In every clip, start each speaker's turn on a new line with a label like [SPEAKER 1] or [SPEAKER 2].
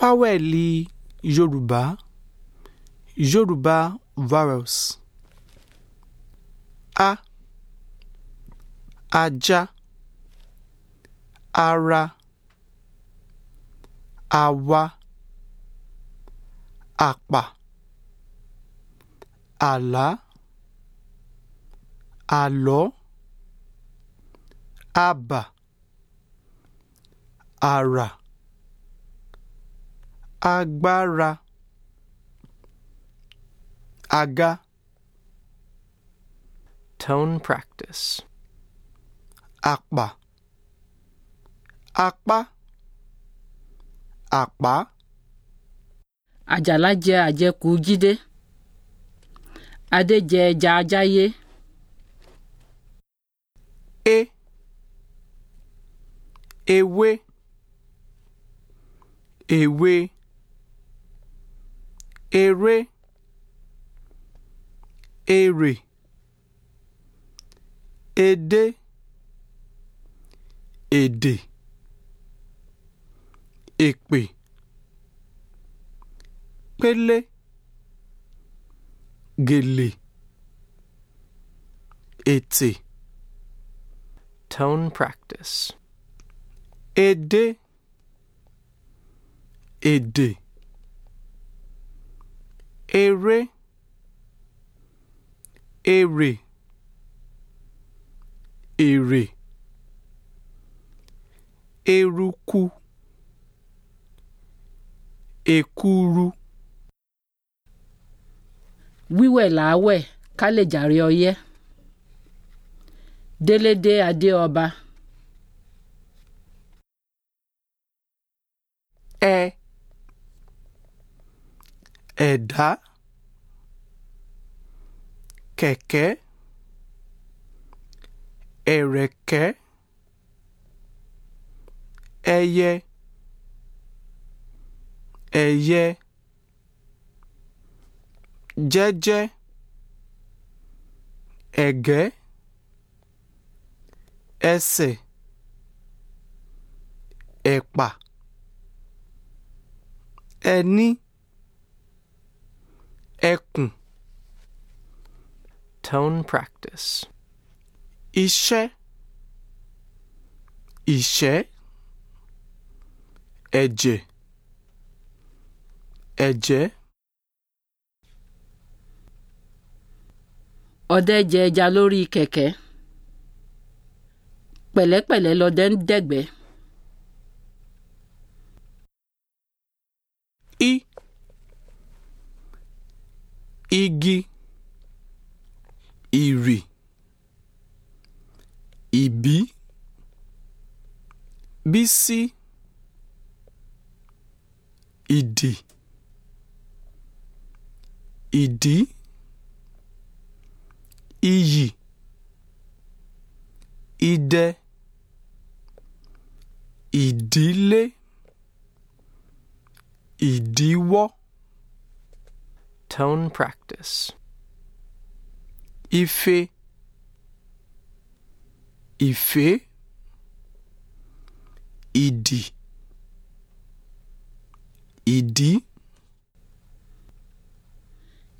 [SPEAKER 1] fáwẹ́lì yorùbá yorùbá virus. a ajá ara àwa àpà àlá àlọ́ àbà àrà.
[SPEAKER 2] agbára àga tone practice àpà apá
[SPEAKER 3] àpá. àjàlá jẹ àjẹkù jídé adé jẹ ẹja ajáyé. e ewé
[SPEAKER 1] ewé. eré èrè èdè èdè èpè pélé
[SPEAKER 2] gèlè ètè. Tone practice. Èdè èdè. ere
[SPEAKER 1] ere ere eruku
[SPEAKER 3] ekuru wíwẹ̀ làáwẹ̀ ká lè jàre ọyẹ́ délé adé ọba. ẹ. Eh.
[SPEAKER 1] Eda, kẹ̀kẹ́ ẹ̀rẹ̀kẹ́ ẹyẹ ẹyẹ jẹ́jẹ́ ẹ̀gẹ́ ẹsẹ̀ ẹ̀pà
[SPEAKER 2] ẹni. E ẹkùn tone practice iṣẹ́ iṣẹ́ ẹ̀jẹ̀
[SPEAKER 1] ẹ̀jẹ̀.
[SPEAKER 3] ọdẹ jẹ ẹja lórí kẹ̀kẹ́ pẹ̀lẹ́pẹ̀lẹ́ lọdẹ ń dẹ̀gbẹ́. igi
[SPEAKER 1] ìrì ìbí bísí ìdì ìdí iyì idẹ
[SPEAKER 2] ìdílé ìdíwọ́. tone practice. Ife,
[SPEAKER 1] Ife,
[SPEAKER 3] Idi, Idi.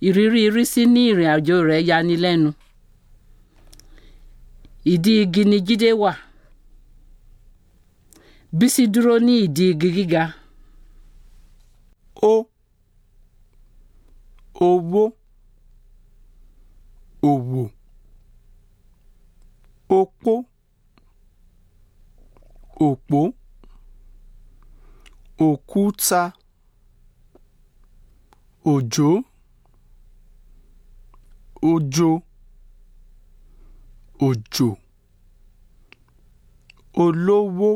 [SPEAKER 3] Ìrírí ìrísí ní ìrìn àjò rẹ̀ yani lẹ́nu. Ìdí igi ni Jídé wà. Bísí dúró ní ìdí igi gíga. owó
[SPEAKER 1] òwò opó òpó òkúta òjò òjò òjò
[SPEAKER 2] olówó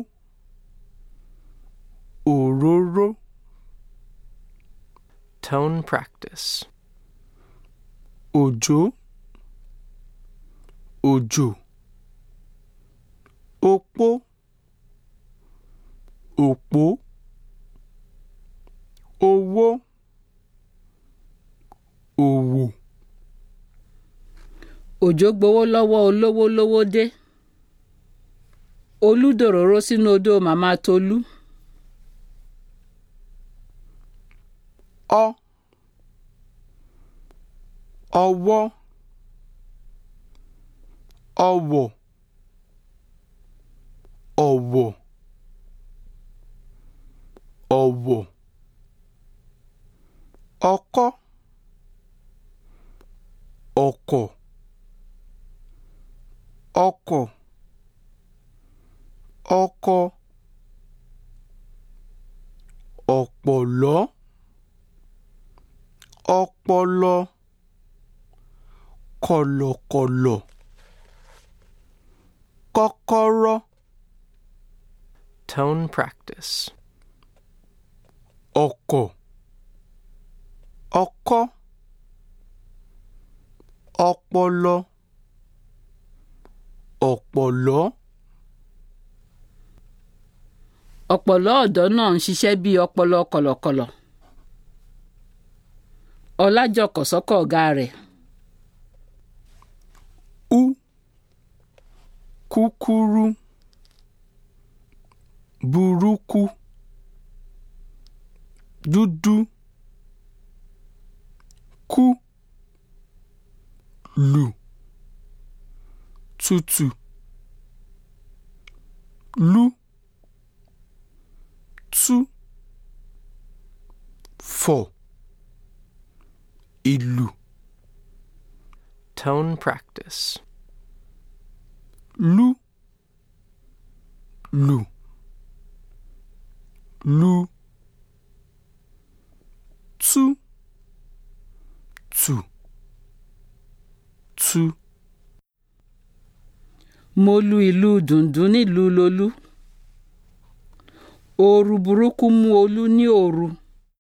[SPEAKER 2] òróró tone practice òjò òjò
[SPEAKER 1] opó òpó
[SPEAKER 3] owó òwò. òjò gbowó lọ́wọ́ olówó lówó dé olú dòróró sínú odò màmá tolú. ọ. Oh
[SPEAKER 1] ọwọ́ ọ̀wọ̀ ọ̀wọ̀ ọ̀wọ̀ ọkọ́ ọkọ̀ ọkọ̀ ọkọ ọ̀pọ̀lọ́ ọpọlọ
[SPEAKER 2] kọ̀lọ̀kọ̀lọ̀ kọ́kọ́rọ́. Tone practice. Ọkọ̀ ọkọ́
[SPEAKER 3] ọpọlọ ọ̀pọ̀lọ́. ọ̀pọ̀lọ́ ọ̀dọ́ náà ń ṣiṣẹ́ bíi ọpọlọ kọ̀lọ̀kọ̀lọ̀ ọlájọ kọ̀sọ́kọ̀ ọ̀gá rẹ̀.
[SPEAKER 1] kúkúrú burúkú dúdú kú lù tutù lú tú
[SPEAKER 2] fọ̀ ìlù tone practice lu lu lu
[SPEAKER 3] tu tu tu. mo lu ìlù dùndún nílùú lolú ooru burúkú mú olú ní
[SPEAKER 1] òru.